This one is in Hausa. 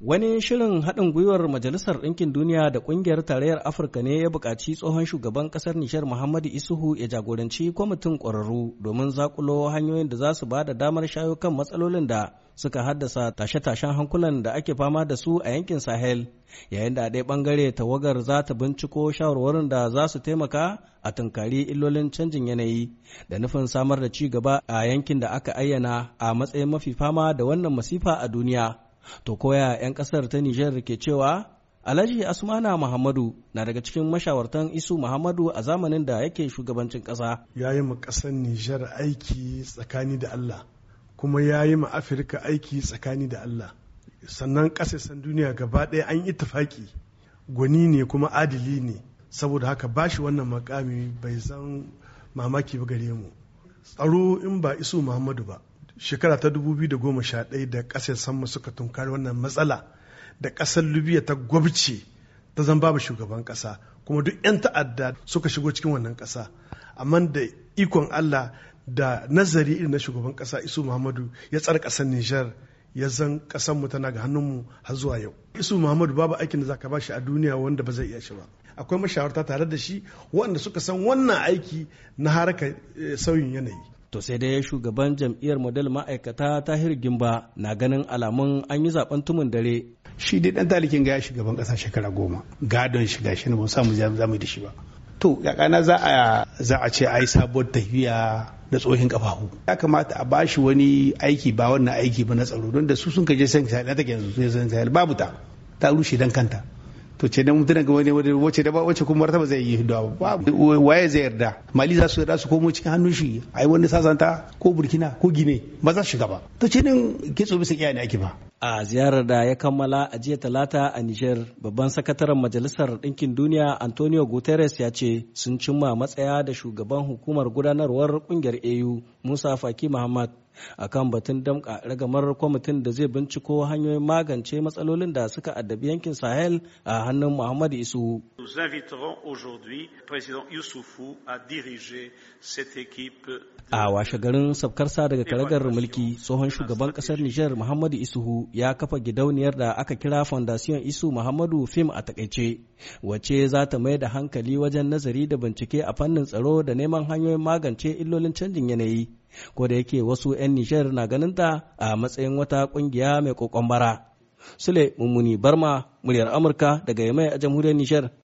Wani shirin haɗin gwiwar Majalisar Ɗinkin Duniya da Ƙungiyar Tarayyar Afirka ne ya buƙaci tsohon shugaban ƙasar Nishar Muhammadu Isuhu ya jagoranci kwamitin ƙwararru domin zakulo hanyoyin da za su ba da damar shayo kan matsalolin da suka haddasa tashe-tashen hankulan da ake fama da su a yankin Sahel, yayin da a ɗaya ɓangare tawagar za ta binciko shawarwarin da za su taimaka a tunkari illolin canjin yanayi da nufin samar da ci gaba a yankin da aka ayyana a matsayin mafi fama da wannan masifa a duniya. To koya 'yan ƙasar ta Nijar ke cewa Alhaji Asmana Muhammadu na daga cikin mashawartan Isu Muhammadu a zamanin da yake shugabancin ƙasa. Ya yi ma ƙasar Nijar aiki tsakani da Allah, kuma ya yi ma Afirka aiki tsakani da Allah. Sannan ƙasashen duniya gaba ɗaya an faƙi. gwani ne kuma adili ne, saboda haka ba shi wannan makami bai zan mamaki ba gare mu. Tsaro in ba Isu Muhammadu ba, shekara ta 2011 da ƙasar sanmu suka tunkari wannan matsala da ƙasar libya ta gwabce ta zan babu shugaban ƙasa kuma duk 'yan ta'adda suka shigo cikin wannan ƙasa amma da ikon allah da nazari irin na shugaban ƙasa isu muhammadu ya tsara ƙasar nijar ya zan mu tana ga hannunmu har zuwa yau isu muhammadu babu aikin da ka bashi a duniya wanda ba zai iya shi ba akwai mashawarta tare da shi waɗanda suka san wannan aiki na harkar eh, sauyin yanayi To sai dai shugaban jam'iyyar model ma'aikata Tahir Gimba na ganin alamun an yi zaben tumun dare. Shi dai dan talikin ga shugaban kasa shekara goma gadon shiga shi ne mun samu zamu da shi ba. To kana za a za a ce ai sabuwar tafiya da tsohin kafafu ya kamata a bashi wani aiki ba wannan aiki ba na tsaro don da su sun kaje sai ta yanzu sai sai babu ta ta rushe dan kanta to ce dan mutuna ga wani wace da ba wace kuma martaba zai yi hidda ba waye zai yarda mali za su yarda su komo cikin hannun shi ai wani sasanta ko burkina ko gine ba za su shiga ba to ce dan kitso bisa kiyaye ake ba a ziyarar da ya kammala a jiya talata a Nijar babban sakataren majalisar ɗinkin duniya Antonio Guterres ya ce sun cimma matsaya da shugaban hukumar gudanarwar kungiyar AU Musa Faki Muhammad akan batun damƙa ragamar kwamitin da zai binciko hanyoyin magance matsalolin da suka addabi yankin Sahel a hannun Muhammad Isu. Nous inviterons aujourd'hui président Youssoufou a washe garin sabkarsa daga karagar mulki tsohon shugaban kasar Nijar Muhammadu Isuhu ya kafa gidauniyar da aka kira Foundation Isu Muhammadu Fim a takaice, wace za ta mai da hankali wajen nazari da bincike a fannin tsaro da neman hanyoyin magance illolin canjin yanayi. Ko da yake wasu 'yan Nijar na ganin ta a matsayin wata ƙungiya mai kokon bara. Sule Mummuni Barma, muryar Amurka daga Yamai a jamhuriyar Nijar.